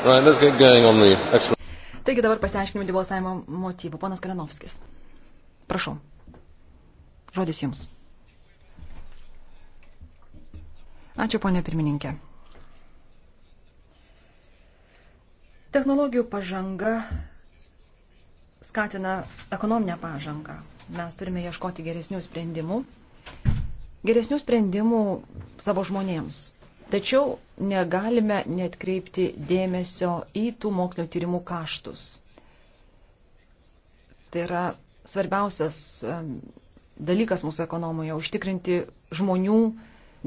Right, let's get going on the Taigi dabar pasiaiškinimų dėl balsavimo motyvų. Ponas Kalinovskis. Prašau. Žodis jums. Ačiū, ponė pirmininkė. Technologijų pažanga skatina ekonominę pažangą. Mes turime ieškoti geresnių sprendimų. Geresnių sprendimų savo žmonėms. Tačiau negalime netkreipti dėmesio į tų mokslinio tyrimų kaštus. Tai yra svarbiausias dalykas mūsų ekonomoje - užtikrinti žmonių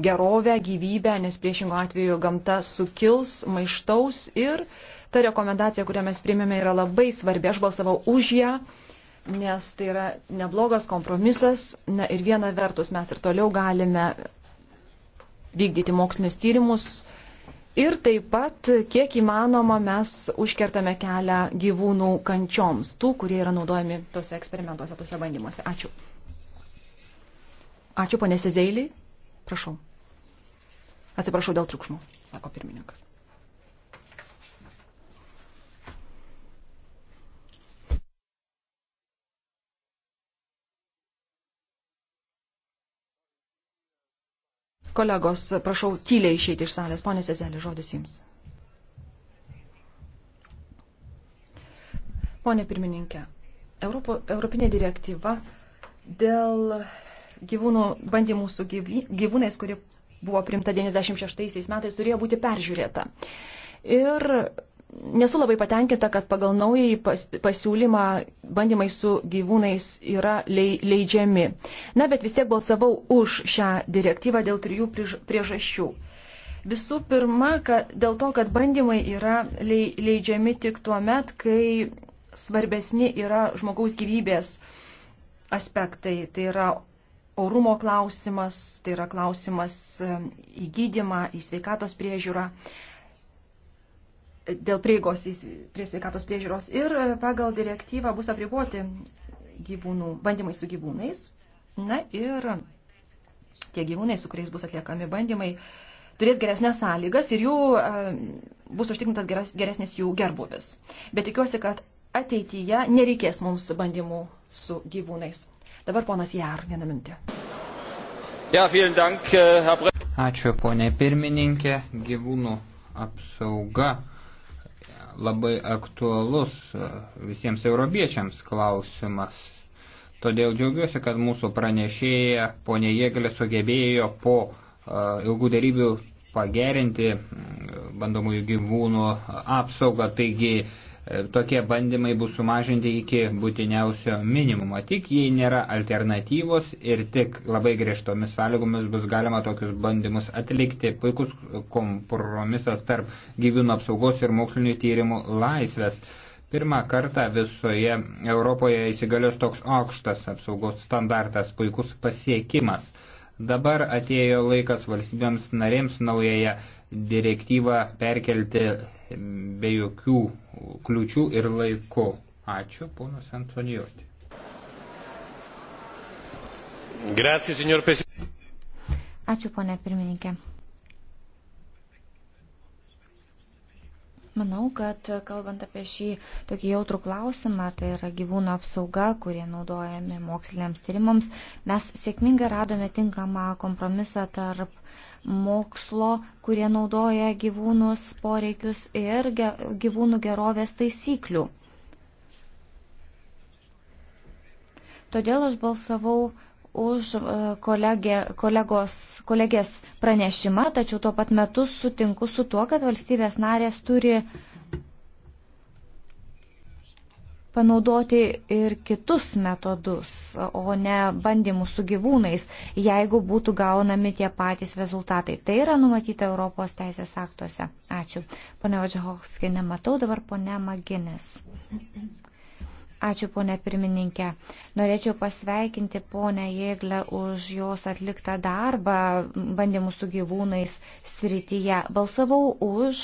gerovę, gyvybę, nes priešingo atveju gamta sukils, maištaus ir ta rekomendacija, kurią mes priėmėme, yra labai svarbi. Aš balsavau už ją nes tai yra neblogas kompromisas. Na ir viena vertus mes ir toliau galime vykdyti mokslinius tyrimus. Ir taip pat, kiek įmanoma, mes užkertame kelią gyvūnų kančioms, tų, kurie yra naudojami tose eksperimentuose, tose bandymuose. Ačiū. Ačiū, ponė Sezeilį. Prašau. Atsiprašau dėl triukšmo, sako pirmininkas. Kolegos, prašau tyliai išeiti iš salės. Pone Sezelė, žodis jums. Pone pirmininkė, Europo, Europinė direktyva dėl gyvūnų bandymų su gyvy, gyvūnais, kuri buvo primta 96 metais, turėjo būti peržiūrėta. Ir nesu labai patenkinta, kad pagal naująjį pas, pasiūlymą bandymai su gyvūnais yra leidžiami. Na, bet vis tiek balsavau už šią direktyvą dėl trijų priežasčių. Visų pirma, kad, dėl to, kad bandymai yra leidžiami tik tuo met, kai svarbesni yra žmogaus gyvybės aspektai. Tai yra orumo klausimas, tai yra klausimas e, į gydimą, į sveikatos priežiūrą dėl prieigos prie sveikatos priežiūros ir e, pagal direktyvą bus apriboti gyvūnų, bandymai su gyvūnais. Na ir tie gyvūnai, su kuriais bus atliekami bandymai, turės geresnės sąlygas ir jų e, bus užtikrintas geresnis jų gerbuvis. Bet tikiuosi, kad ateityje nereikės mums bandymų su gyvūnais. Dabar ponas Jar, vieną mintį. Ja, dank, äh, Ačiū, ponė pirmininkė. Gyvūnų apsauga labai aktualus e, visiems europiečiams klausimas. Todėl džiaugiuosi, kad mūsų pranešėja ponė Jėgelė sugebėjo po e, ilgų darybių pagerinti bandomųjų gyvūnų apsaugą. Taigi E, tokie bandymai bus sumažinti iki būtiniausio minimumo. Tik jei nėra alternatyvos ir tik labai griežtomis sąlygomis bus galima tokius bandymus atlikti. Puikus kompromisas tarp gyvūnų apsaugos ir mokslinių tyrimų laisvės. Pirmą kartą visoje Europoje įsigalios toks aukštas apsaugos standartas, puikus pasiekimas. Dabar atėjo laikas valstybėms narėms naujoje direktyvą perkelti be jokių kliučių ir laiku. Ačiū, ponas Antonioti. Ačiū, ponė pirmininkė. Manau, kad kalbant apie šį tokį jautrų klausimą, tai yra gyvūnų apsauga, kurie naudojami moksliniams tyrimams, mes sėkmingai radome tinkamą kompromisą tarp mokslo, kurie naudoja gyvūnus poreikius ir ge gyvūnų gerovės taisyklių. Todėl aš balsavau už e, kolegė, kolegos, kolegės pranešimą, tačiau tuo pat metu sutinku su tuo, kad valstybės narės turi panaudoti ir kitus metodus, o ne bandymus su gyvūnais, jeigu būtų gaunami tie patys rezultatai. Tai yra numatyta Europos teisės aktuose. Ačiū. Pone Vadžiahovskė, nematau, dabar pone Maginis. Ačiū, ponė pirmininkė. Norėčiau pasveikinti ponę Jėglę už jos atliktą darbą bandymų su gyvūnais srityje. Balsavau už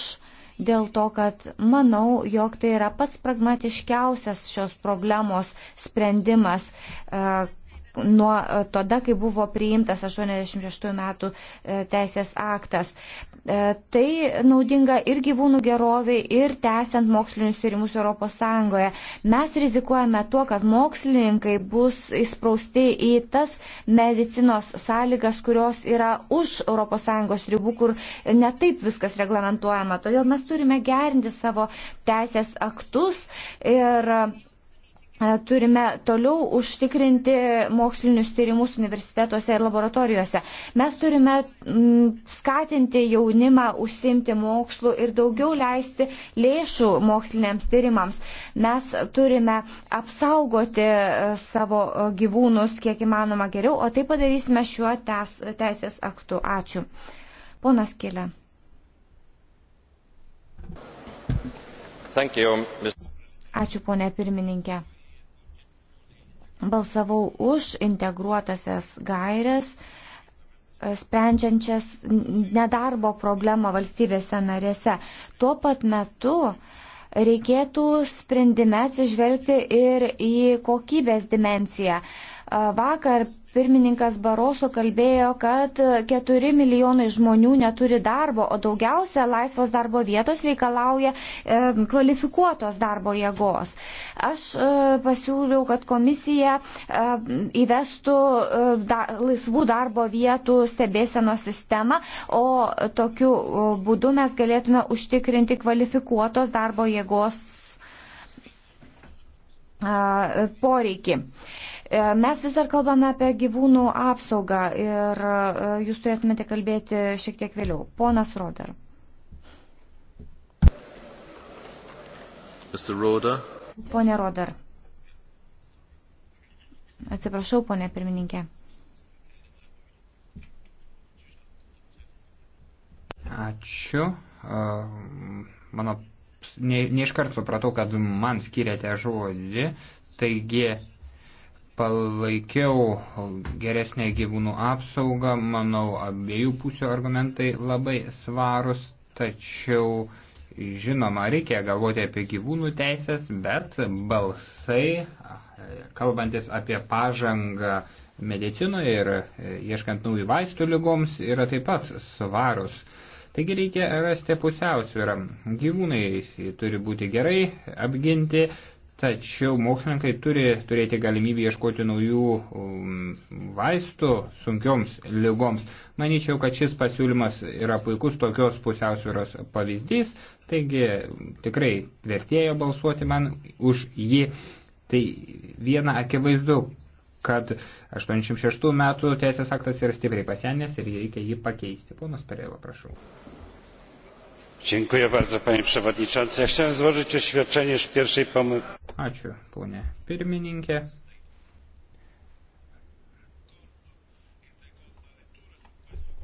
dėl to, kad manau, jog tai yra pats pragmatiškiausias šios problemos sprendimas, e, nuo e, tada, kai buvo priimtas 86 metų e, teisės aktas. E, tai naudinga ir gyvūnų geroviai, ir tęsiant mokslinius tyrimus ES. Mes rizikuojame tuo, kad mokslininkai bus įsprausti į tas medicinos sąlygas, kurios yra už ES ribų, kur netaip viskas reglamentuojama. Todėl mes turime gerinti savo teisės aktus ir turime toliau užtikrinti mokslinius tyrimus universitetuose ir laboratorijose. Mes turime skatinti jaunimą užsimti mokslu ir daugiau leisti lėšų moksliniams tyrimams. Mes turime apsaugoti e, savo e, gyvūnus kiek įmanoma geriau, o tai padarysime šiuo teisės aktu. Ačiū. Ponas Kilė. Ačiū, ponė pirmininkė balsavau už integruotasias gairias, e, sprendžiančias nedarbo problemą valstybėse narėse. Tuo pat metu reikėtų sprendime atsižvelgti ir į kokybės dimenciją. Vakar pirmininkas Baroso kalbėjo, kad 4 milijonai žmonių neturi darbo, o daugiausia laisvos darbo vietos reikalauja e, kvalifikuotos darbo jėgos. Aš e, pasiūliau, kad komisija e, įvestų da, laisvų darbo vietų stebėseno sistemą, o tokiu būdu mes galėtume užtikrinti kvalifikuotos darbo jėgos poreikį. E, mes vis dar kalbame apie gyvūnų apsaugą ir e, jūs turėtumėte kalbėti šiek tiek vėliau. Ponas Roder. Roder. Pone Roder. Atsiprašau, ponė pirmininkė. Ačiū. Mano ne, ne iš karto supratau, kad man skiriate žodį, taigi palaikiau geresnę gyvūnų apsaugą, manau, abiejų pusių argumentai labai svarus, tačiau žinoma, reikia galvoti apie gyvūnų teisės, bet balsai, kalbantis apie pažangą medicinoje ir e, ieškant naujų vaistų lygoms, yra taip pat svarus. Taigi reikia rasti pusiausvyrą. Gyvūnai turi būti gerai apginti, Tačiau mokslininkai turi turėti galimybę ieškoti naujų um, vaistų sunkioms lygoms. Manyčiau, kad šis pasiūlymas yra puikus tokios pusiausvėros pavyzdys, taigi tikrai vertėjo balsuoti man už jį. Tai viena akivaizdu, kad 86 metų teisės aktas yra stipriai pasenęs ir reikia jį pakeisti. Ponas Perėla, prašau panie przewodniczący! chciałem złożyć oświadczenie z pierwszej pomocy. ačiū pone pirmininke.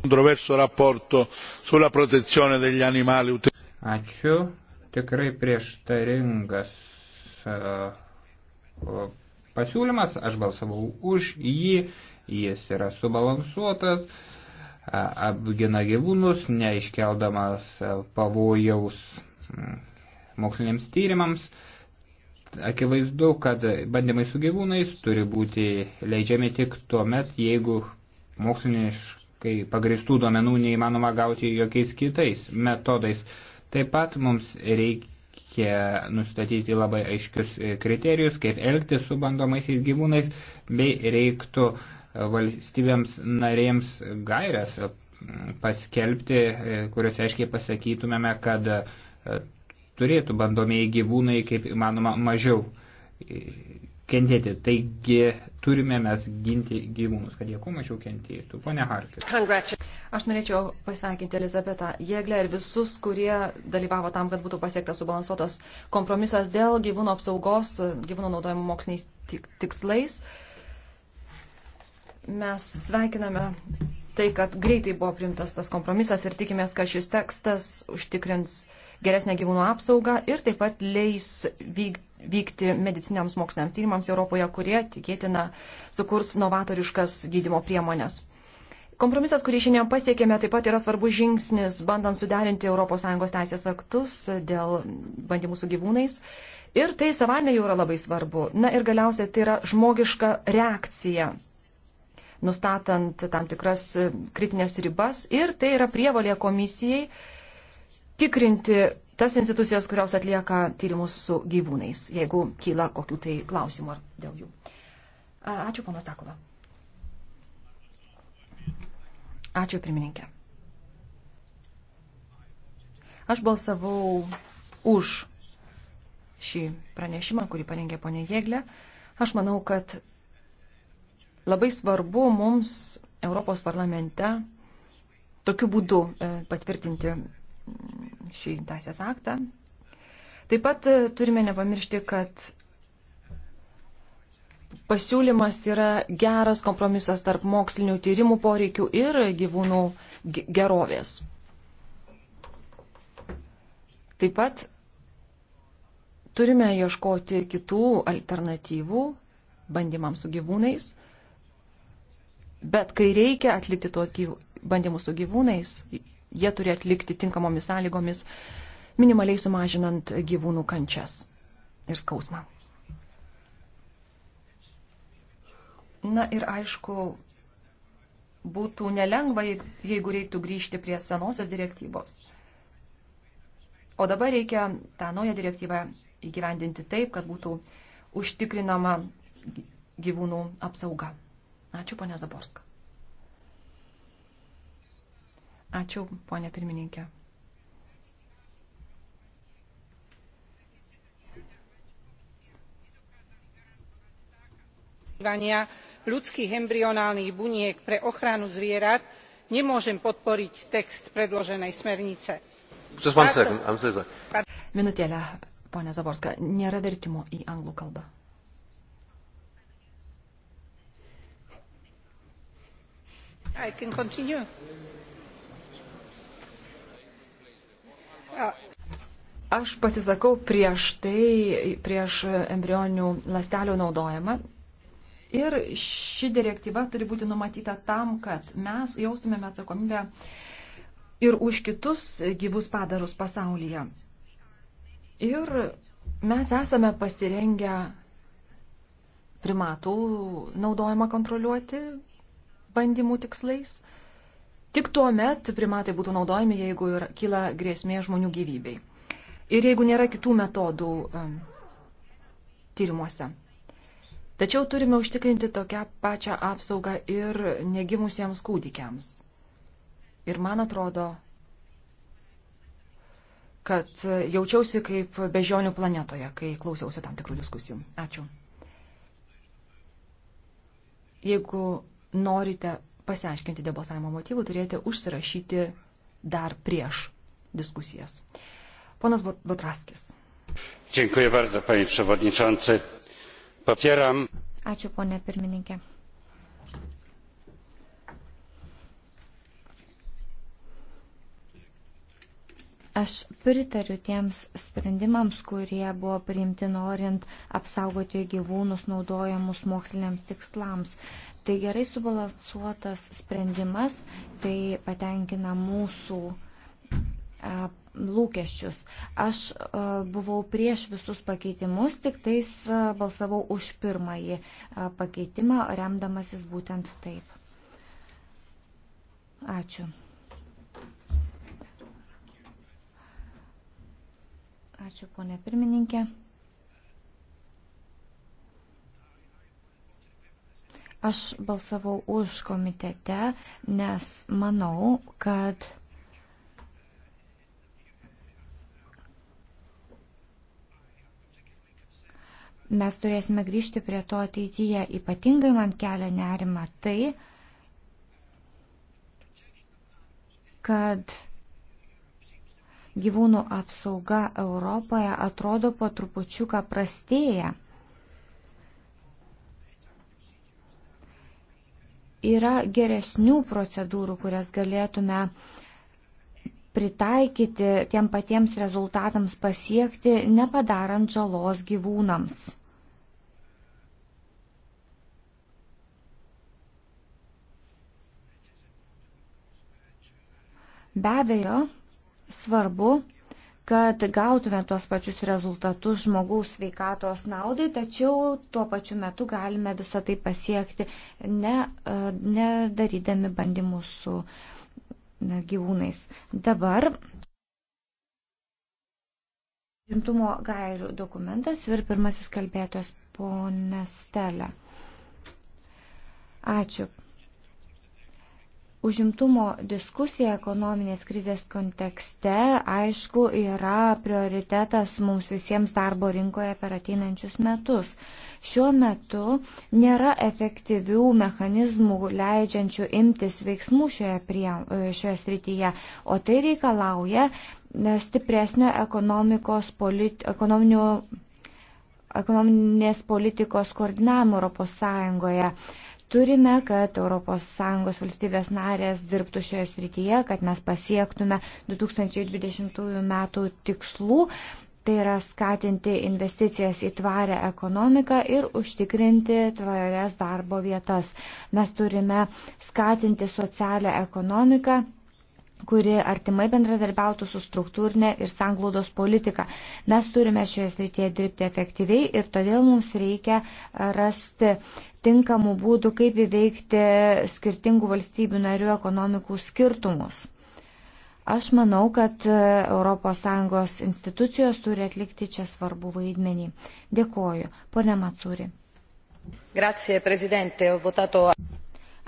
controverso rapporto sulla protezione degli animali Ačiū. Tikrai prieštaringas e, pasiūlymas. Aš balsavau už jį. Jis yra subalansuotas apgina gyvūnus, neiškeldamas e, pavojaus moksliniams tyrimams. Akivaizdu, kad bandymai su gyvūnais turi būti leidžiami tik tuo met, jeigu moksliniškai pagristų duomenų neįmanoma gauti jokiais kitais metodais. Taip pat mums reikia nustatyti labai aiškius e, kriterijus, kaip elgtis su bandomaisiais gyvūnais, bei reiktų uh, valstybėms narėms gairias paskelbti, kuriuose aiškiai pasakytumėme, kad e, turėtų bandomieji gyvūnai kaip įmanoma mažiau e, kentėti. Taigi turime mes ginti gyvūnus, kad jie kuo mažiau kentėtų. Pone Harkis. Aš norėčiau pasveikinti Elizabetą Jėglę ir visus, kurie dalyvavo tam, kad būtų pasiektas subalansuotas kompromisas dėl gyvūnų apsaugos, gyvūnų naudojimo moksliniais tikslais. Tik Mes sveikiname tai, kad greitai buvo primtas tas kompromisas ir tikimės, kad šis tekstas užtikrins geresnę gyvūnų apsaugą ir taip pat leis vyk, vykti mediciniams moksliniams tyrimams Europoje, kurie tikėtina sukurs novatoriškas gydimo priemonės. Kompromisas, kurį šiandien pasiekėme, taip pat yra svarbus žingsnis, bandant suderinti ES teisės aktus dėl bandymų su gyvūnais. Ir tai savame jau yra labai svarbu. Na ir galiausiai tai yra žmogiška reakcija nustatant tam tikras e, kritinės ribas ir tai yra prievalė komisijai tikrinti tas institucijas, kurios atlieka tyrimus su gyvūnais, jeigu kyla kokių tai klausimų ar dėl jų. Ačiū, ponas Takula. Ačiū, pirmininkė. Aš balsavau už šį pranešimą, kurį parengė ponė Jėglė. Aš manau, kad Labai svarbu mums Europos parlamente tokiu būdu e, patvirtinti mm, šį teisės aktą. Taip pat e, turime nepamiršti, kad pasiūlymas yra geras kompromisas tarp mokslinių tyrimų poreikių ir gyvūnų gerovės. Taip pat turime ieškoti kitų alternatyvų bandymams su gyvūnais. Bet kai reikia atlikti tuos gyv... bandymus su gyvūnais, jie turi atlikti tinkamomis sąlygomis, minimaliai sumažinant gyvūnų kančias ir skausmą. Na ir aišku, būtų nelengva, jeigu reiktų grįžti prie senosios direktyvos. O dabar reikia tą naują direktyvą įgyvendinti taip, kad būtų užtikrinama gyvūnų apsauga. Ačiū, ponė Zaborska. Ačiū, ponė pirmininkė. využívania ľudských embryonálnych buniek pre ochranu zvierat nemôžem podporiť text predloženej smernice. Minutėlę, ponia Zaborska, nėra vertimo į anglų kalbą. I can continue. Ah. Aš pasisakau prieš tai, prieš embrionių lastelių naudojimą. Ir ši direktyva turi būti numatyta tam, kad mes jaustumėme atsakomybę ir už kitus gyvus padarus pasaulyje. Ir mes esame pasirengę primatų naudojimą kontroliuoti, bandymų tikslais. Tik tuo met primatai būtų naudojami, jeigu kyla grėsmė žmonių gyvybei. Ir jeigu nėra kitų metodų um, tyrimuose. Tačiau turime užtikrinti tokią pačią apsaugą ir negimusiems kūdikiams. Ir man atrodo, kad jaučiausi kaip bežionių planetoje, kai klausiausi tam tikrų diskusijų. Ačiū. Jeigu norite pasiaiškinti dėl balsavimo motyvų, turėjote užsirašyti dar prieš dyskusijas. Ponas Botraskis. Dziękuję bardzo, panie przewodniczący. Popieram. Ačiū, ponė pirmininkė. Aš pritariu tiems sprendimams, kurie buvo priimti norint apsaugoti gyvūnus naudojamus moksliniams tikslams. Tai gerai subalansuotas sprendimas, tai patenkina mūsų e, lūkesčius. Aš e, buvau prieš visus pakeitimus, tik tais e, balsavau už pirmąjį pakeitimą, remdamasis būtent taip. Ačiū. Ačiū, ponė pirmininkė. Aš balsavau už komitete, nes manau, kad mes turėsime grįžti prie to ateityje. Ypatingai man kelia nerima tai, kad gyvūnų apsauga Europoje atrodo po trupučiuką prastėja. yra geresnių procedūrų, kurias galėtume pritaikyti tiem patiems rezultatams pasiekti, nepadarant žalos gyvūnams. Be abejo, svarbu kad gautume tuos pačius rezultatus žmogaus sveikatos naudai, tačiau tuo pačiu metu galime visą tai pasiekti, ne, e, nedarydami bandymų su gyvūnais. Dabar rimtumo gairių dokumentas ir pirmasis kalbėtojas ponė Stelė. Ačiū. Užimtumo diskusija ekonominės krizės kontekste, aišku, yra prioritetas mums visiems darbo rinkoje per ateinančius metus. Šiuo metu nėra efektyvių mechanizmų leidžiančių imtis veiksmų šioje, prie, šioje srityje, o tai reikalauja stipresnio ekonomikos, politi, ekonominės politikos koordinavimo Europos Sąjungoje turime, kad ES valstybės narės dirbtų šioje srityje, kad mes pasiektume 2020 metų tikslų. Tai yra skatinti investicijas į tvarę ekonomiką ir užtikrinti tvarias darbo vietas. Mes turime skatinti socialią ekonomiką kuri artimai bendradarbiautų su struktūrinė ir sanglaudos politika. Mes turime šioje srityje dirbti efektyviai ir todėl mums reikia rasti tinkamų būdų, kaip įveikti skirtingų valstybių narių ekonomikų skirtumus. Aš manau, kad ES institucijos turi atlikti čia svarbų vaidmenį. Dėkoju. Pone Matsūri. Grazie, prezidente. Votato...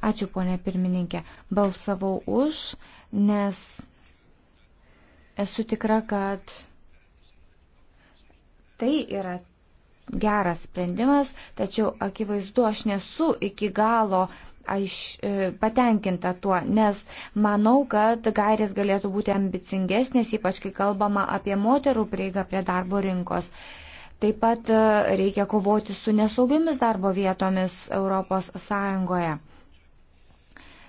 Ačiū, ponė pirmininkė. Balsavau už, nes esu tikra, kad tai yra geras sprendimas, tačiau akivaizdu, aš nesu iki galo aiš, e, patenkinta tuo, nes manau, kad gairės galėtų būti ambicingesnės, ypač kai kalbama apie moterų prieigą prie darbo rinkos. Taip pat e, reikia kovoti su nesaugiomis darbo vietomis ES.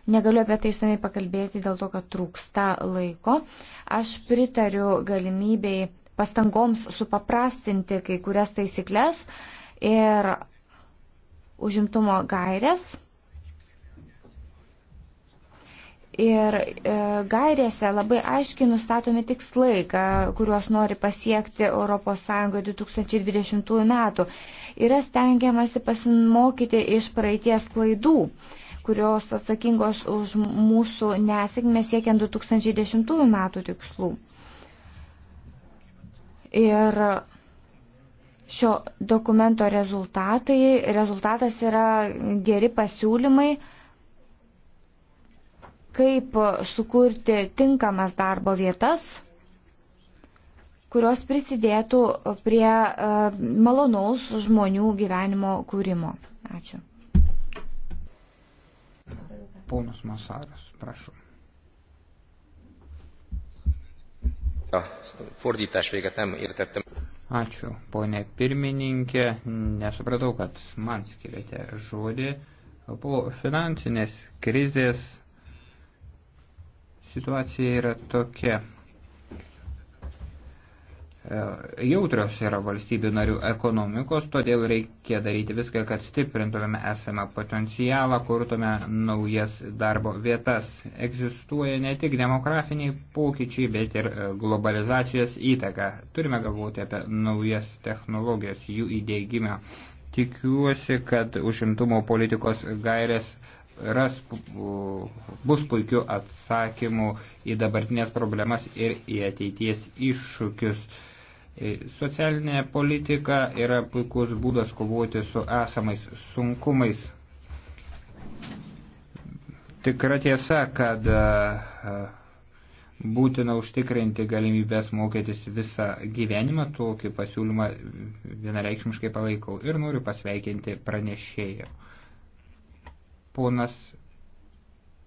Negaliu apie tai išsamei pakalbėti dėl to, kad trūksta laiko. Aš pritariu galimybei pastangoms supaprastinti kai kurias taisyklės ir užimtumo gairės. Ir e, gairėse labai aiškiai nustatomi tikslai, ka, kuriuos nori pasiekti ES 2020 metų. Yra stengiamasi pasimokyti iš praeities klaidų, kurios atsakingos už mūsų nesėkmę siekiant 2010 metų tikslų. Ir šio dokumento rezultatai, rezultatas yra geri pasiūlymai, kaip sukurti tinkamas darbo vietas, kurios prisidėtų prie e, malonaus žmonių gyvenimo kūrimo. Ačiū. Ponas Masaras, prašau. Fordítás véget nem értettem. Ačiū, ponė pirmininkė. Nesupratau, kad man skirėte žodį. Po finansinės krizės situacija yra tokia. E, jautrios yra valstybių narių ekonomikos, todėl reikia daryti viską, kad stiprintumėme esamą potencialą, kurtume naujas darbo vietas. Egzistuoja ne tik demografiniai pokyčiai, bet ir e, globalizacijos įtaka. Turime galvoti apie naujas technologijas, jų įdėgymą. Tikiuosi, kad užimtumo politikos gairės ras, bus puikių atsakymų į dabartinės problemas ir į ateities iššūkius. Socialinė politika yra puikus būdas kovoti su esamais sunkumais. Tikra tiesa, kad e, būtina užtikrinti galimybės mokytis visą gyvenimą, tokį pasiūlymą vienareikšmiškai palaikau ir noriu pasveikinti pranešėją. Ponas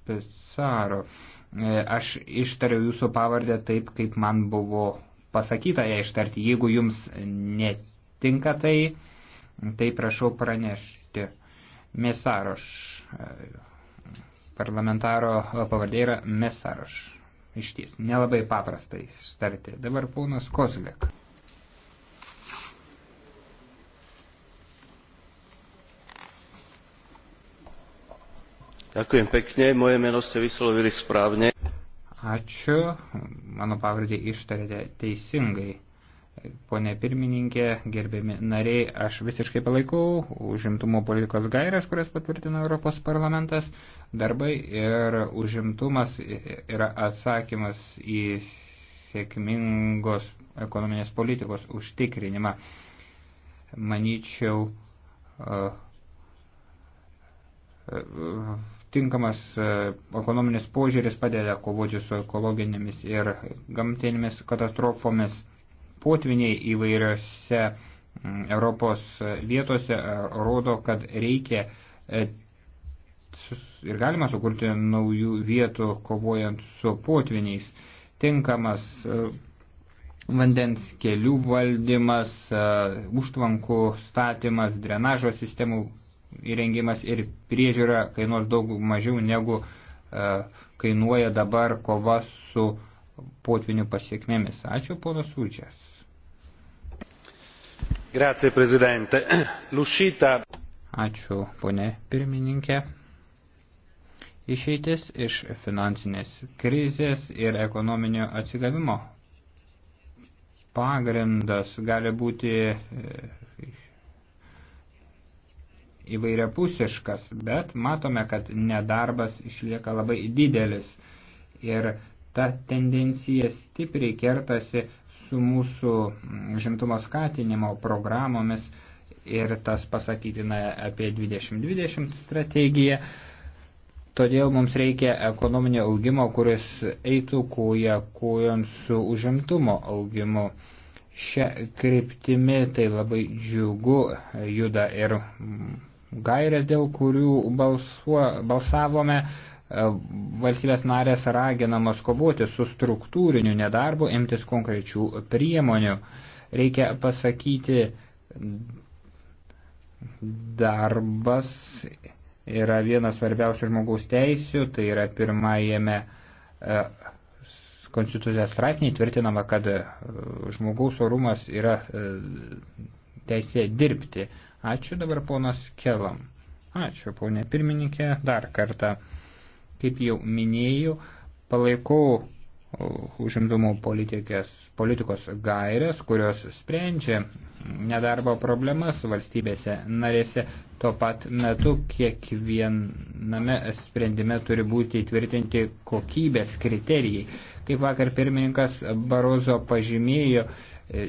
Pisaro, e, aš ištariau jūsų pavardę taip, kaip man buvo pasakyta ją ištarti. Jeigu jums netinka tai, tai prašau pranešti. Mesaroš. E, parlamentaro pavardė yra Mesaroš. Iš ties, nelabai paprastai ištarti. Dabar ponas Kozlek. Ďakujem pekne, moje meno ste vyslovili správne. Ačiū, mano pavardę ištarėte teisingai. Pone pirmininkė, gerbiami nariai, aš visiškai palaikau užimtumo politikos gairias, kurias patvirtino Europos parlamentas. Darbai ir užimtumas yra atsakymas į sėkmingos ekonominės politikos užtikrinimą. Manyčiau, uh, uh, tinkamas e, ekonominis požiūris padeda kovoti su ekologinėmis ir gamtinėmis katastrofomis. Potviniai įvairiose Europos vietose e, rodo, kad reikia e, ir galima sukurti naujų vietų kovojant su potviniais. Tinkamas vandens kelių valdymas, užtvankų statymas, drenažo sistemų įrengimas ir priežiūra kainuos daug mažiau negu e, kainuoja dabar kova su potvinių pasiekmėmis. Ačiū, ponas Ūčias. Grazie, prezidente. L'uscita. Ačiū, ponė pirmininkė. Išeitis iš finansinės krizės ir ekonominio atsigavimo pagrindas gali būti e, įvairiapusiškas, bet matome, kad nedarbas išlieka labai didelis. Ir ta tendencija stipriai kertasi su mūsų žimtumo skatinimo programomis ir tas pasakytina apie 2020 strategiją. Todėl mums reikia ekonominio augimo, kuris eitų kūje kūjon su užimtumo augimu. Šią kryptimį tai labai džiugu juda ir gairės, dėl kurių balsuo, balsavome, e, valstybės narės raginamos kovoti su struktūriniu nedarbu, imtis konkrečių priemonių. Reikia pasakyti, darbas yra vienas svarbiausių žmogaus teisių, tai yra pirmajame e, konstitucijos straipsnėje tvirtinama, kad e, žmogaus orumas yra teisė dirbti. Ačiū dabar ponas Kelam. Ačiū ponė pirmininkė dar kartą. Kaip jau minėjau, palaikau užimtumo politikos gairės, kurios sprendžia nedarbo problemas valstybėse narėse. Tuo pat metu kiekviename sprendime turi būti įtvirtinti kokybės kriterijai. Kaip vakar pirmininkas Barozo pažymėjo, E,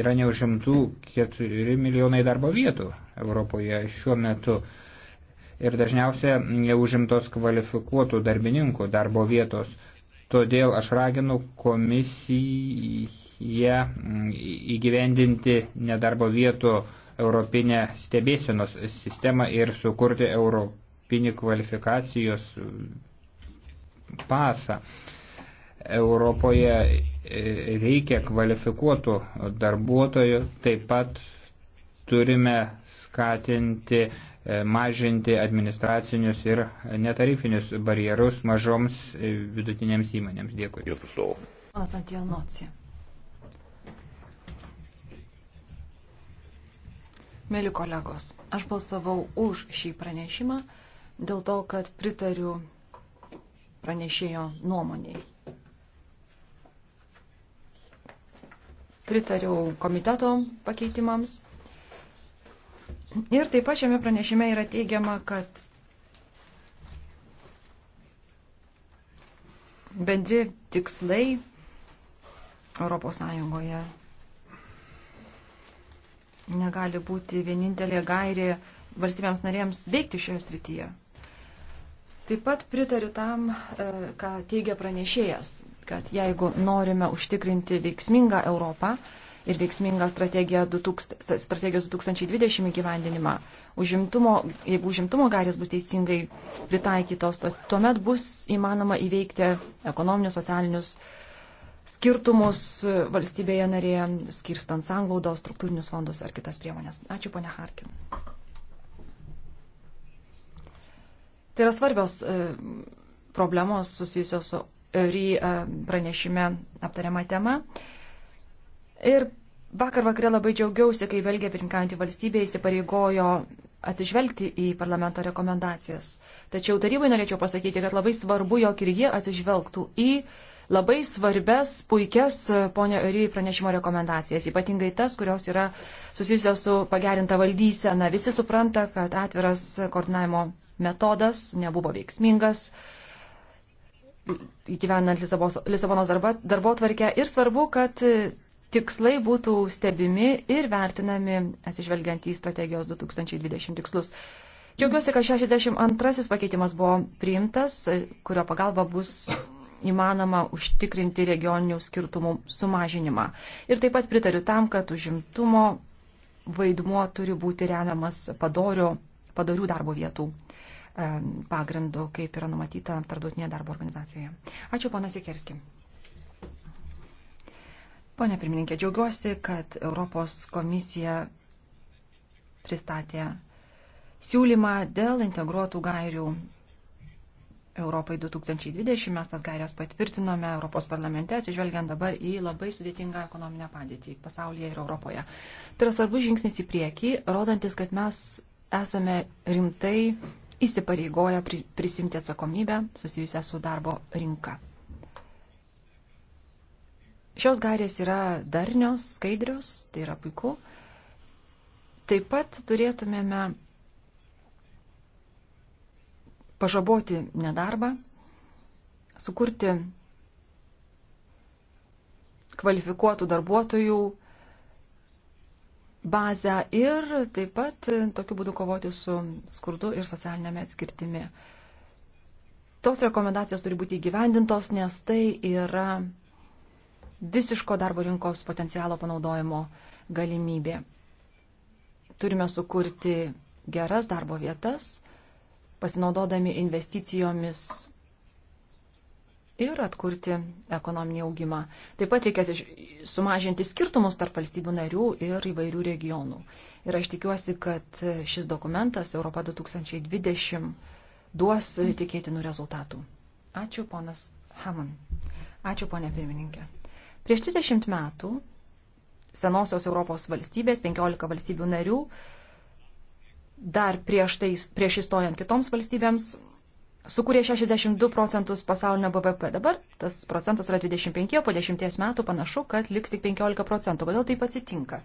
yra neužimtų 4 milijonai darbo vietų Europoje šiuo metu. Ir dažniausia neužimtos kvalifikuotų darbininkų darbo vietos. Todėl aš raginu komisiją įgyvendinti nedarbo vietų europinę stebėsienos sistemą ir sukurti europinį kvalifikacijos pasą. Europoje e, reikia kvalifikuotų darbuotojų, taip pat turime skatinti, e, mažinti administracinius ir netarifinius barjerus mažoms vidutinėms įmonėms. Dėkui. Mėly kolegos, aš balsavau už šį pranešimą dėl to, kad pritariu pranešėjo nuomonėjai. pritariau komiteto pakeitimams. Ir taip pat šiame pranešime yra teigiama, kad bendri tikslai Europos Sąjungoje negali būti vienintelė gairė valstybėms narėms veikti šioje srityje. Taip pat pritariu tam, e, ką teigia pranešėjas kad jeigu norime užtikrinti veiksmingą Europą ir veiksmingą strategiją 2000, strategijos 2020 įgyvendinimą, užimtumo, jeigu užimtumo gairės bus teisingai pritaikytos, tuomet bus įmanoma įveikti ekonominius, socialinius skirtumus valstybėje narėje, skirstant sanglaudos, struktūrinius fondus ar kitas priemonės. Ačiū, ponia Harkin. Tai yra svarbios e, problemos susijusios su ry e, pranešime aptariama tema. Ir vakar vakare labai džiaugiausi, kai Belgija pirmkantį valstybė įsipareigojo atsižvelgti į parlamento rekomendacijas. Tačiau tarybai norėčiau pasakyti, kad labai svarbu, jog ir jie atsižvelgtų į labai svarbes, puikias e, ponio Ry pranešimo rekomendacijas, ypatingai tas, kurios yra susijusios su pagerinta valdysena. Visi supranta, kad atviras koordinavimo metodas nebuvo veiksmingas, įgyvenant Lisabos, Lisabonos darba, darbo tvarkę ir svarbu, kad tikslai būtų stebimi ir vertinami atsižvelgiant į strategijos 2020 tikslus. Džiaugiuosi, kad 62 pakeitimas buvo priimtas, kurio pagalba bus įmanoma užtikrinti regioninių skirtumų sumažinimą. Ir taip pat pritariu tam, kad užimtumo vaidmuo turi būti remiamas padorių, padorių darbo vietų pagrindu, kaip yra numatyta tarptautinėje darbo organizacijoje. Ačiū, ponas Ikerski. Pone pirmininkė, džiaugiuosi, kad Europos komisija pristatė siūlymą dėl integruotų gairių Europai 2020. Mes tas gairias patvirtinome Europos parlamente, atsižvelgiant dabar į labai sudėtingą ekonominę padėtį pasaulyje ir Europoje. Tai yra svarbus žingsnis į priekį, rodantis, kad mes esame rimtai įsipareigoja prisimti atsakomybę susijusią su darbo rinka. Šios gairės yra darnios, skaidrios, tai yra puiku. Taip pat turėtumėme pažaboti nedarbą, sukurti kvalifikuotų darbuotojų bazę ir taip pat tokiu būdu kovoti su skurdu ir socialinėme atskirtimi. Tos rekomendacijos turi būti įgyvendintos, nes tai yra visiško darbo rinkos potencialo panaudojimo galimybė. Turime sukurti geras darbo vietas, pasinaudodami investicijomis ir atkurti ekonominį augimą. Taip pat reikės sumažinti skirtumus tarp valstybių narių ir įvairių regionų. Ir aš tikiuosi, kad šis dokumentas Europa 2020 duos tikėtinų rezultatų. Ačiū, ponas Hamon. Ačiū, ponė pirmininkė. Prieš 30 metų senosios Europos valstybės, 15 valstybių narių, dar prieš, tai, prieš įstojant kitoms valstybėms, sukūrė 62 procentus pasaulinio BVP. Dabar tas procentas yra 25, po 10 metų panašu, kad liks tik 15 procentų. Kodėl taip atsitinka?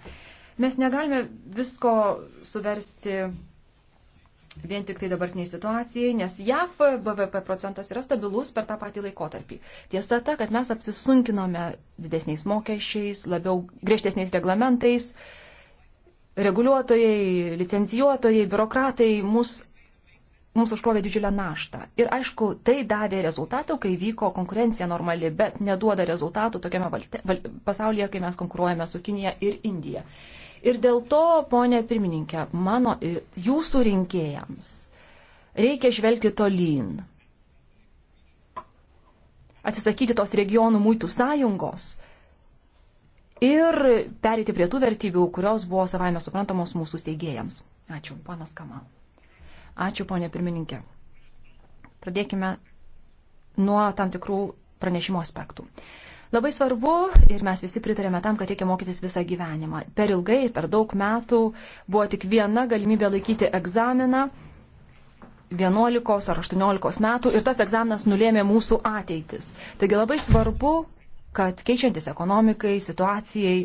Mes negalime visko suversti vien tik tai dabartiniai situacijai, nes JAV BVP procentas yra stabilus per tą patį laikotarpį. Tiesa ta, kad mes apsisunkinome didesniais mokesčiais, labiau griežtesniais reglamentais, reguliuotojai, licencijuotojai, biurokratai mus mums užkrovė didžiulę naštą. Ir aišku, tai davė rezultatų, kai vyko konkurencija normali, bet neduoda rezultatų tokiame valste, val, pasaulyje, kai mes konkuruojame su Kinija ir Indija. Ir dėl to, ponė pirmininkė, mano jūsų rinkėjams reikia žvelgti tolyn. Atsisakyti tos regionų muitų sąjungos ir perėti prie tų vertybių, kurios buvo savaime suprantamos mūsų steigėjams. Ačiū, panas Kamal. Ačiū, ponė pirmininkė. Pradėkime nuo tam tikrų pranešimo aspektų. Labai svarbu ir mes visi pritarėme tam, kad reikia mokytis visą gyvenimą. Per ilgai, per daug metų buvo tik viena galimybė laikyti egzaminą 11 ar 18 metų ir tas egzaminas nulėmė mūsų ateitis. Taigi labai svarbu, kad keičiantis ekonomikai, situacijai,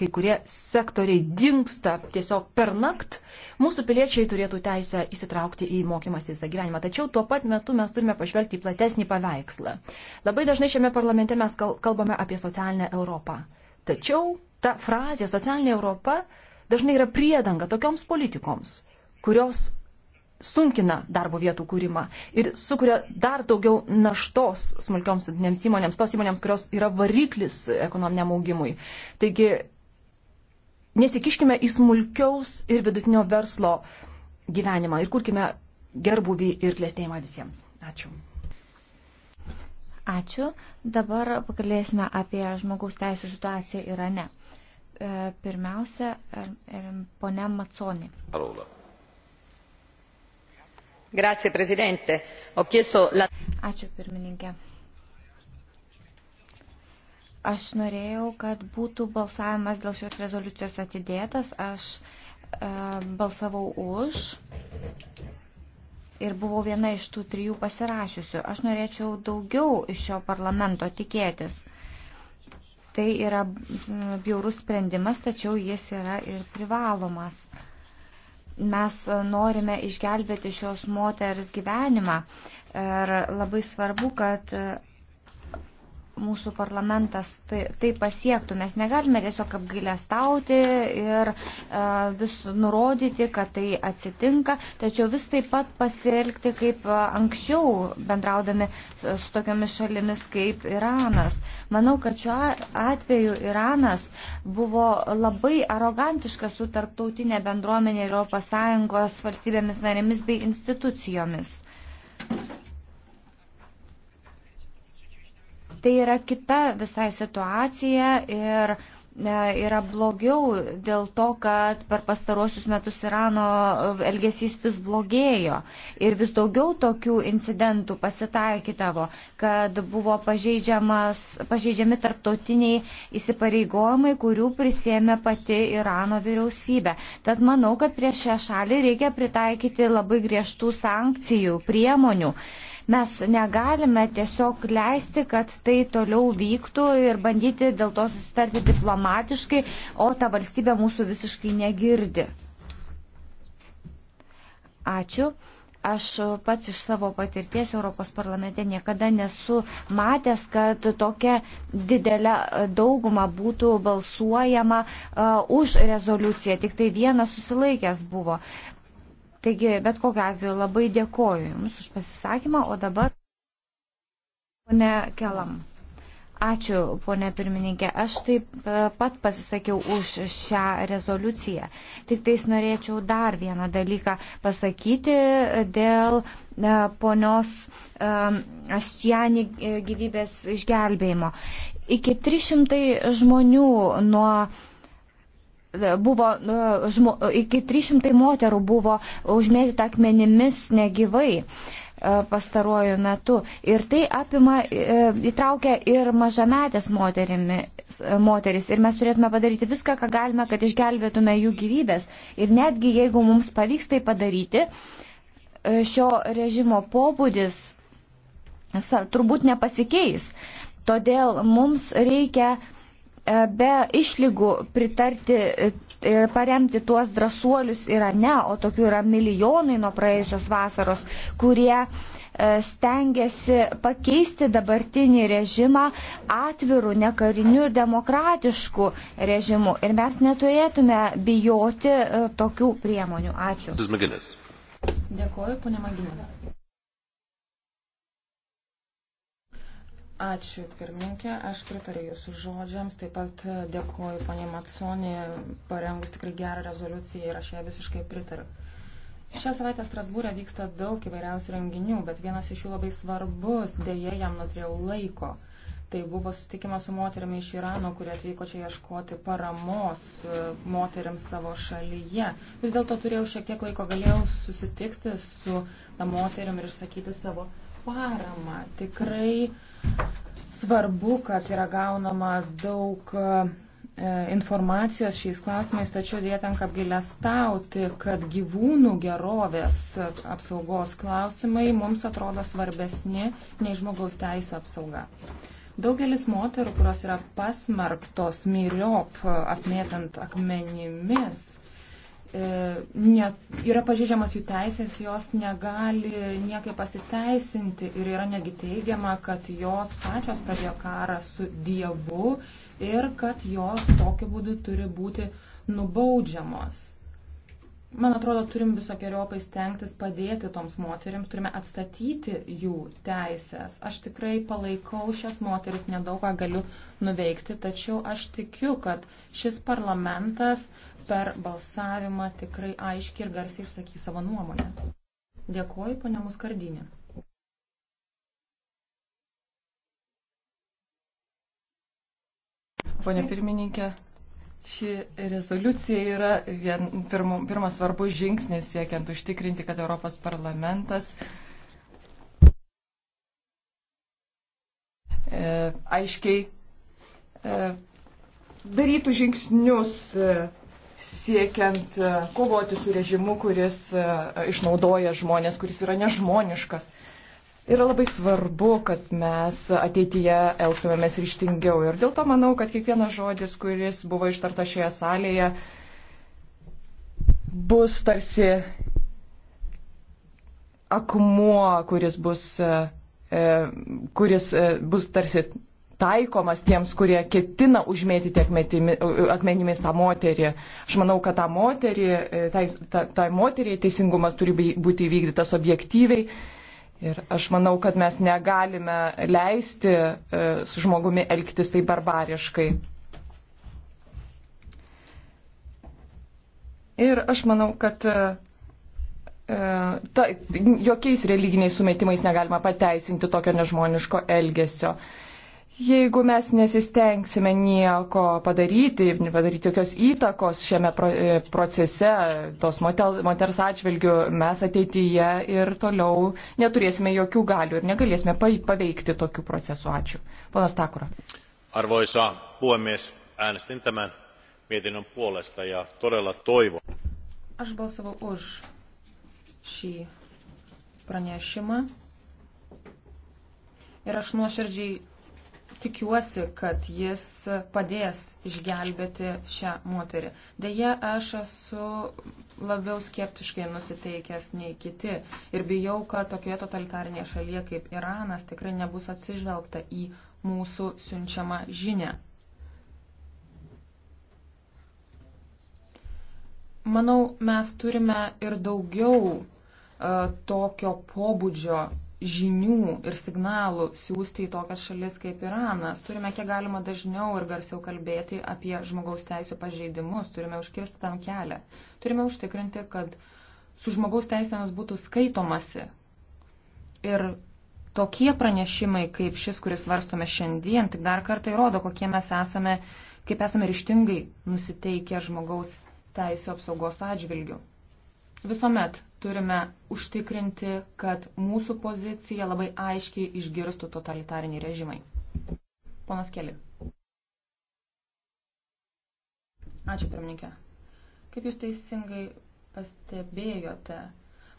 kai kurie sektoriai dinksta tiesiog per nakt, mūsų piliečiai turėtų teisę įsitraukti į mokymąsi visą gyvenimą. Tačiau tuo pat metu mes turime pažvelgti į platesnį paveikslą. Labai dažnai šiame parlamente mes kalbame apie socialinę Europą. Tačiau ta frazė socialinė Europa dažnai yra priedanga tokioms politikoms, kurios sunkina darbo vietų kūrimą ir sukuria dar daugiau naštos smulkioms įmonėms, tos įmonėms, kurios yra variklis ekonominiam augimui. Taigi nesikiškime į smulkiaus ir vidutinio verslo gyvenimą ir kurkime gerbuvį ir klėstėjimą visiems. Ačiū. Ačiū. Dabar pakalbėsime apie žmogaus teisų situaciją Irane. E, pirmiausia, er, er, ponia Maconi. Parola. Grazie, Presidente. Ho chiesto la... Ačiū, pirmininkė Aš norėjau, kad būtų balsavimas dėl šios rezoliucijos atidėtas. Aš e, balsavau už ir buvau viena iš tų trijų pasirašiusių. Aš norėčiau daugiau iš šio parlamento tikėtis. Tai yra bjaurus sprendimas, tačiau jis yra ir privalomas. Mes e, norime išgelbėti šios moters gyvenimą ir labai svarbu, kad mūsų parlamentas tai, tai pasiektų. Mes negalime tiesiog apgailestauti ir e, vis nurodyti, kad tai atsitinka, tačiau vis taip pat pasielgti kaip e, anksčiau bendraudami e, su tokiamis šalimis kaip Iranas. Manau, kad šiuo atveju Iranas buvo labai arogantiškas su tarptautinė bendruomenė Europos Sąjungos valstybėmis narėmis bei institucijomis. Tai yra kita visai situacija ir e, yra blogiau dėl to, kad per pastaruosius metus Irano elgesys vis blogėjo ir vis daugiau tokių incidentų pasitaikydavo, kad buvo pažeidžiami tarptautiniai įsipareigojimai, kurių prisėmė pati Irano vyriausybė. Tad manau, kad prieš šią šalį reikia pritaikyti labai griežtų sankcijų, priemonių. Uh, Mes negalime tiesiog leisti, kad tai toliau vyktų ir bandyti dėl to susitarti diplomatiškai, o ta valstybė mūsų visiškai negirdi. Ačiū. Aš pats iš savo patirties Europos parlamente niekada nesu matęs, kad tokia didelė dauguma būtų balsuojama uh, už rezoliuciją. Tik tai vienas susilaikęs buvo. Taigi, bet kokiu atveju labai dėkoju Jums už pasisakymą, o dabar ponė Kelam. Ačiū, ponė pirmininkė. Aš taip e, pat pasisakiau už šią rezoliuciją. Tik tais norėčiau dar vieną dalyką pasakyti dėl e, ponios e, Aštiani gyvybės išgelbėjimo. Iki 300 žmonių nuo buvo, nu, žmo, iki 300 moterų buvo užmėtyta akmenimis negyvai e, pastaruoju metu. Ir tai apima, e, įtraukia ir mažametės e, moteris. Ir mes turėtume padaryti viską, ką galime, kad išgelbėtume jų gyvybės. Ir netgi jeigu mums pavyks tai padaryti, šio režimo pobūdis turbūt nepasikeis. Todėl mums reikia uh, E, be išlygų pritarti e, ir paremti tuos drasuolius yra ne, o tokių yra milijonai nuo praėjusios vasaros, kurie e, stengiasi pakeisti dabartinį režimą atvirų, nekarinių ir demokratiškų režimų. Ir mes neturėtume bijoti tokių priemonių. Ačiū. Dėkuoju, ponia Maginas. Ačiū pirmininkė, aš pritariu jūsų žodžiams, taip pat dėkuoju poniai Matsonė, parengus tikrai gerą rezoliuciją ir aš ją visiškai pritariu. Šią savaitę Strasbūrė vyksta daug įvairiausių renginių, bet vienas iš jų labai svarbus, dėje jam nutrėjau laiko. Tai buvo susitikimas su moterimi iš Irano, kurie atvyko čia ieškoti paramos e, moteriams savo šalyje. Vis dėlto turėjau šiek tiek laiko, galėjau susitikti su tą moterim ir išsakyti savo paramą. Tikrai svarbu, kad yra gaunama daug e, informacijos šiais klausimais, tačiau jie tenka apgailestauti, kad gyvūnų gerovės apsaugos klausimai mums atrodo svarbesni nei žmogaus teisų apsauga. Daugelis moterų, kurios yra pasmerktos myriop apmėtant akmenimis, E, ne, yra pažeidžiamas jų teisės, jos negali niekaip pasiteisinti ir yra netgi teigiama, kad jos pačios pradėjo karą su Dievu ir kad jos tokiu būdu turi būti nubaudžiamos man atrodo, turim visokiojopai stengtis padėti toms moteriams, turime atstatyti jų teisės. Aš tikrai palaikau šias moteris, nedaug ką galiu nuveikti, tačiau aš tikiu, kad šis parlamentas per balsavimą tikrai aiškiai ir garsiai išsakys savo nuomonę. Dėkuoju, ponia Muskardinė. Pone pirmininkė, Ši rezoliucija yra vien, pirma, pirmas svarbus žingsnis siekiant užtikrinti, kad Europos parlamentas e, aiškiai e, darytų žingsnius e, siekiant e, kovoti su režimu, kuris e, išnaudoja žmonės, kuris yra nežmoniškas. Yra labai svarbu, kad mes ateityje elgtumėmės ryštingiau. Ir dėl to manau, kad kiekvienas žodis, kuris buvo ištarta šioje salėje, bus tarsi akmuo, kuris bus, e, e, kuris e, bus tarsi taikomas tiems, kurie ketina užmėtyti akmenimis tą moterį. Aš manau, kad tą moterį, tai, ta, tai moteriai teisingumas turi būti įvykdytas objektyviai Ir aš manau, kad mes negalime leisti e, su žmogumi elgtis taip barbariškai. Ir aš manau, kad e, e, ta, jokiais religiniais sumetimais negalima pateisinti tokio nežmoniško elgesio. Jeigu mes nesistengsime nieko padaryti, padaryti jokios įtakos šiame e, procese, tos motel, moters atžvilgių, mes ateityje ir toliau neturėsime jokių galių ir negalėsime paveikti tokių procesų. Ačiū. Panas Takura. Arvoisa puhemies, äänestin tämän mietinnön puolesta ja todella toivon. Aš balsavau už šį pranešimą ir aš nuoširdžiai tikiuosi, kad jis padės išgelbėti šią moterį. Deja, aš esu labiau skeptiškai nusiteikęs nei kiti ir bijau, kad tokioje totalitarnėje šalyje kaip Iranas tikrai nebus atsižvelgta į mūsų siunčiamą žinę. Manau, mes turime ir daugiau uh, tokio pobūdžio žinių ir signalų siūsti į tokias šalis kaip Iranas. Turime kiek galima dažniau ir garsiau kalbėti apie žmogaus teisų pažeidimus, turime užkirsti tam kelią. Turime užtikrinti, kad su žmogaus teisėmis būtų skaitomasi. Ir tokie pranešimai, kaip šis, kuris varstome šiandien, tik dar kartą įrodo, kokie mes esame, kaip esame ryštingai nusiteikę žmogaus teisų apsaugos atžvilgių. Visuomet turime užtikrinti, kad mūsų poziciją labai aiškiai išgirstų totalitariniai režimai. Ponas Keli. Ačiū, pirmininkė. Kaip jūs teisingai pastebėjote,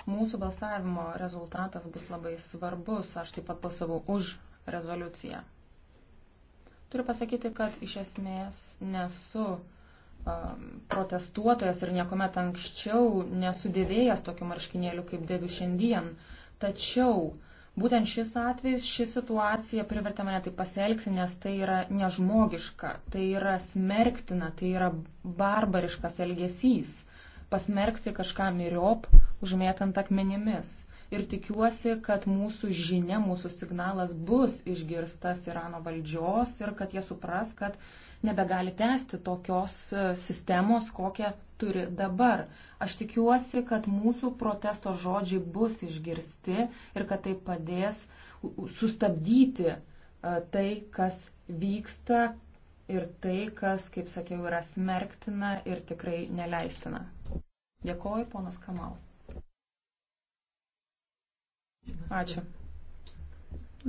mūsų balsavimo rezultatas bus labai svarbus. Aš taip pat balsavau už rezoliuciją. Turiu pasakyti, kad iš esmės nesu protestuotojas ir niekuomet anksčiau nesudėvėjęs tokių marškinėlių, kaip dėviu šiandien. Tačiau būtent šis atvejis, ši situacija privertė mane taip pasielgti, nes tai yra nežmogiška, tai yra smerktina, tai yra barbariškas elgesys pasmerkti kažką miriop, užmėtant akmenimis. Ir tikiuosi, kad mūsų žinia, mūsų signalas bus išgirstas Irano valdžios ir kad jie supras, kad nebegali tęsti tokios e, sistemos, kokią turi dabar. Aš tikiuosi, kad mūsų protesto žodžiai bus išgirsti ir kad tai padės sustabdyti e, tai, kas vyksta ir tai, kas, kaip sakiau, yra smerktina ir tikrai neleistina. Dėkoju, ponas Kamal. Ačiū.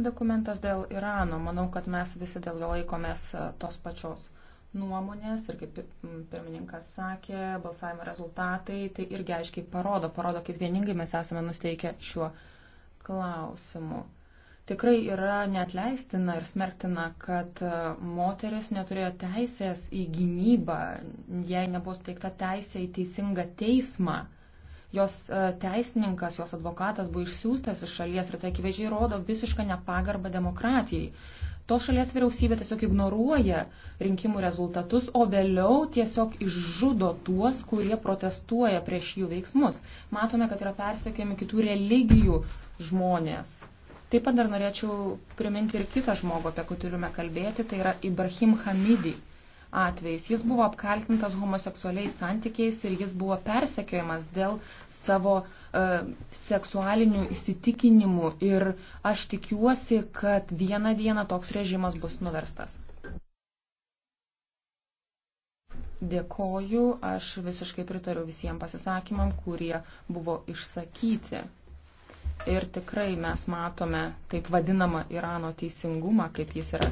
Dokumentas dėl Irano. Manau, kad mes visi dėl jo laikomės e, tos pačios nuomonės ir kaip pirmininkas sakė, balsavimo rezultatai tai irgi aiškiai parodo, parodo, kaip vieningai mes esame nusteikę šiuo klausimu. Tikrai yra netleistina ir smerktina, kad e, moteris neturėjo teisės į gynybą, jai nebus teikta teisė į teisingą teismą. Jos e, teisininkas, jos advokatas buvo išsiųstas iš šalies ir tai akivaizdžiai rodo visišką nepagarbą demokratijai. To šalies vyriausybė tiesiog ignoruoja rinkimų rezultatus, o vėliau tiesiog išžudo tuos, kurie protestuoja prieš jų veiksmus. Matome, kad yra persekiojami kitų religijų žmonės. Taip pat dar norėčiau priminti ir kitą žmogų, apie kurį turime kalbėti, tai yra Ibrahim Hamidi atvejais. Jis buvo apkaltintas homoseksualiais santykiais ir jis buvo persekiojamas dėl savo e, seksualinių įsitikinimų ir aš tikiuosi, kad vieną dieną toks režimas bus nuverstas. Dėkoju, aš visiškai pritariu visiems pasisakymam, kurie buvo išsakyti. Ir tikrai mes matome taip vadinamą Irano teisingumą, kaip jis yra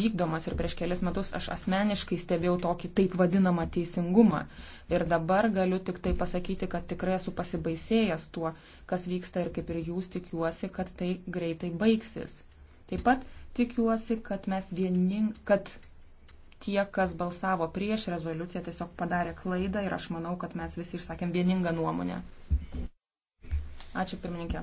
vykdomas. Ir prieš kelias metus aš asmeniškai stebėjau tokį taip vadinamą teisingumą. Ir dabar galiu tik tai pasakyti, kad tikrai esu pasibaisėjęs tuo, kas vyksta ir kaip ir jūs tikiuosi, kad tai greitai baigsis. Taip pat tikiuosi, kad mes vienin, kad tie, kas balsavo prieš rezoliuciją, tiesiog padarė klaidą ir aš manau, kad mes visi išsakėm vieningą nuomonę. Ačiū pirmininkė.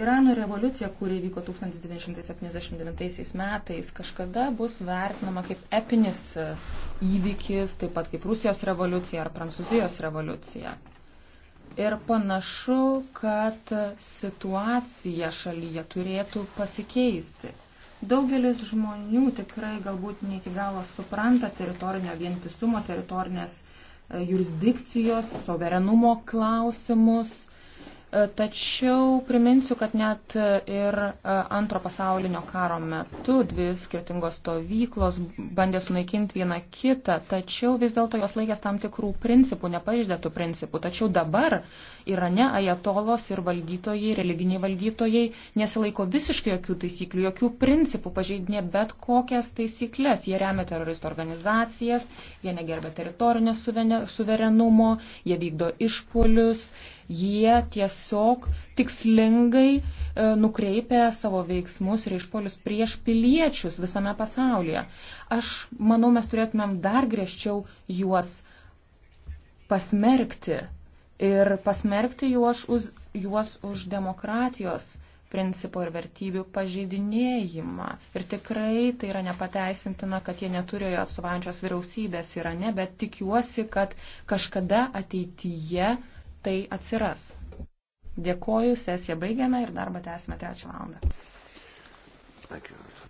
Irano revoliucija, kuri vyko 1979 metais, kažkada bus vertinama kaip epinis e, įvykis, taip pat kaip Rusijos revoliucija ar Prancūzijos revoliucija. Ir panašu, kad situacija šalyje turėtų pasikeisti. Daugelis žmonių tikrai galbūt ne iki galo supranta teritorinio vientisumo, teritorinės e, jurisdikcijos, suverenumo klausimus Tačiau priminsiu, kad net ir e, antro pasaulinio karo metu dvi skirtingos stovyklos bandė sunaikinti vieną kitą, tačiau vis dėlto jos laikės tam tikrų principų, nepažydėtų principų. Tačiau dabar Irane ajatolos ir valdytojai, religiniai valdytojai nesilaiko visiškai jokių taisyklių, jokių principų, pažeidinė bet kokias taisyklės. Jie remia teroristų organizacijas, jie negerbia teritorinio suverenumo, jie vykdo išpolius jie tiesiog tikslingai e, nukreipia savo veiksmus ir išpolius prieš piliečius visame pasaulyje. Aš manau, mes turėtumėm dar griežčiau juos pasmerkti ir pasmerkti juos už, juos už demokratijos principų ir vertybių pažeidinėjimą. Ir tikrai tai yra nepateisintina, kad jie neturėjo atstovaujančios vyriausybės Irane, bet tikiuosi, kad kažkada ateityje uh, tai atsiras. Dėkoju, sesiją baigiame ir darbą tęsime trečią valandą. Thank you.